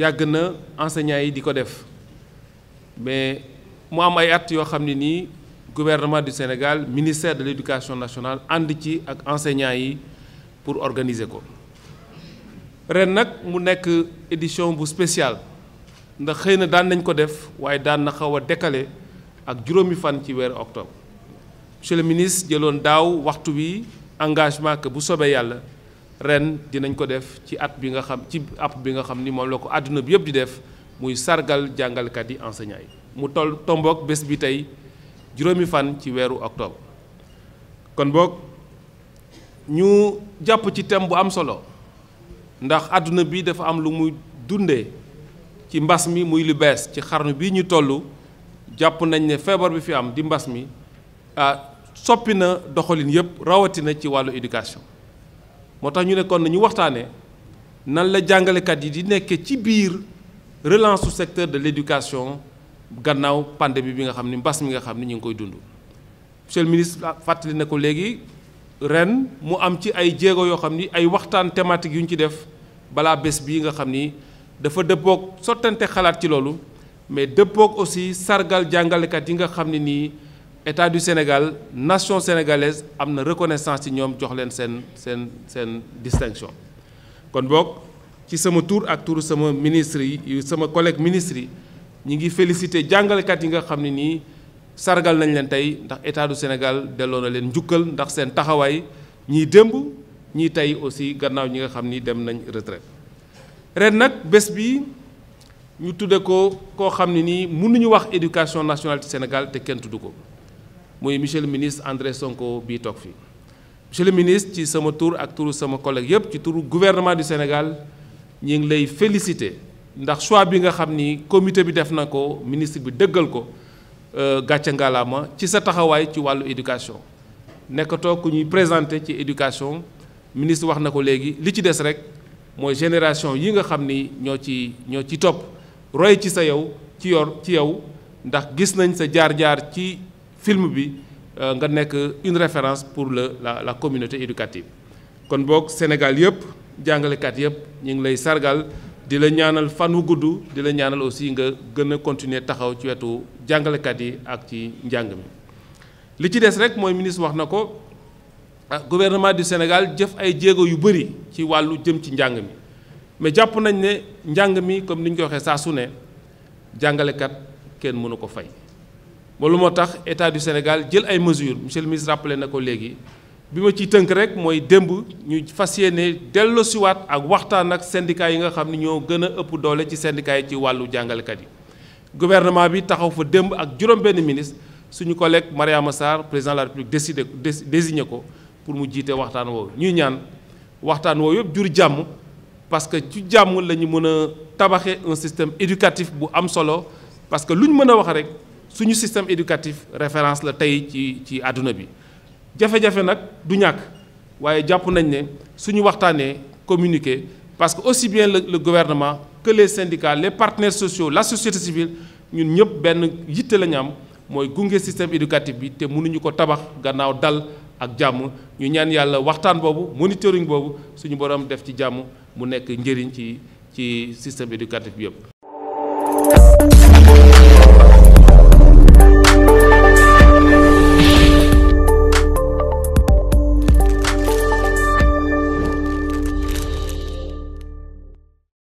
yàgg na enseignants yi di ko def mais mu am ay at yoo xam ne gouvernement du Sénégal ministère de l'éducation nationale ànd ci ak enseignants yi pour organiser ko ren nag mu nekk édition bu spéciale ndax xëy na daan nañ ko def waaye daan na xaw a décalé ak juróomi fan ci weeru octobre monsieur le ministre jëloon daaw waxtu bi engagement que bu sobee yàlla ren dinañ ko def ci at bi nga xam ci app bi nga xam ni moom la ko àdduna bi yëpp di def muy sargal jàngalkat yi enseignants yi mu toll tomboog bés bi tey juróomi fan ci weeru octobre kon boog ñu jàpp ci thème bu am solo ndax àdduna bi dafa am lu muy dunde ci mbas mi muy lu bees ci xarnu bi ñu toll jàpp nañ ne feebar bi fi am di mbas mi ah soppi na doxalin yëpp rawatina ci wàllu éducation moo tax ñu nekkoon kon nañu waxtaanee nan la jàngalekat yi di nekkee ci biir relance su secteur de l'éducation gannaaw pandémie bi nga xam ni mbas mi nga xam ni ñu ngi koy dund. monsieur le ministre ah, fàttali na ko léegi ren mu am ci ay jéego yoo xam ni ay waxtaan thématique yu ñu ci def balaa bés bii nga xam ni dafa dëppoog sottante xalaat ci loolu mais dëppoog aussi sargal jàngalekat yi nga xam ne nii. etat du Sénégal nation sénégalaise am reconnaissance ci ñom jox leen sen sen sen distinction kon bok ci sama tour ak tour sama ministre yi sama collègue ministre yi ñi ngi jangale kat yi nga xamni ni sargal nañ leen tay ndax état du Sénégal delloo na leen njukkal ndax sen taxaway ñi dembu ñi tay aussi gannaaw ñi nga xamni dem nañ retraite ren nak bés bi ñu tudde ko ko xamni ni mënu ñu wax éducation nationale du Sénégal té kën tudd moy monsieur le ministre André Sonko bi tok fi monsieur le ministre ci sama tour ak turu sama collègue yépp ci turu gouvernement du Sénégal ñu ngi lay féliciter ndax choix bi nga xamni comité bi def nako ko ministre bi deugal ko euh, gatcha ngalama ci sa taxaway ci walu éducation nekato ku ñuy présenter ci éducation ministre wax nako légui li ci dess rek moy génération yi nga xamni ño ci ño ci top roy ci sa yow ci yor ci yow ndax gis nañ sa jaar-jaar ci film bi euh, nga nek une référence pour le la la communauté éducative kon bok Sénégal yëpp jàngalekat yëpp ñu ngi lay sargal di la ñaanal fan wu gudd di la ñaanal aussi nga gën a continuer taxaw ci wetu kat yi ak ci njàng mi li ci des rek mooy ministre wax na ko ah, gouvernement du Sénégal jëf ay jéego yu bëri ci wàllu jëm ci njàng mi mais jàpp nañ ne njàng mi comme niñ ko waxee saa su ne kat kenn mënu ko fay loolu moo tax état du Sénégal jël ay mesures monsieur le ministre rappelé na ko léegi bi ma ciy tënk rek mooy démb ñu fas yéene delloosiwaat ak waxtaan ak syndicat yi nga xam ni ñoo gën a ëpp doole ci syndicat yi ci wàllu jàngalekat yi. gouvernement bi taxaw fa démb ak juróom-benn ministre suñu collègue Mariama Sarr président de la République décidé désigné ko pour mu jiite waxtaan woowu ñuy ñaan waxtaan woowu yëpp jur jàmm parce que ci jàmm la ñu mën un système éducatif bu am solo parce que luñ mën wax rek suñu système éducatif référence la tay ci ci aduna bi jafé jafé nak du ñak waye japp nañ né suñu waxtané communiquer parce que aussi bien le, le gouvernement que les syndicats les partenaires sociaux la société civile ñun ñëpp ben yitté la ñu am mooy système éducatif bi te mënuñu ko tabax gannaaw dal ak jamm ñu ñaan yalla waxtaan bobu monitoring bobu suñu borom def ci jamm mu nekk njëriñ ci ci système éducatif bi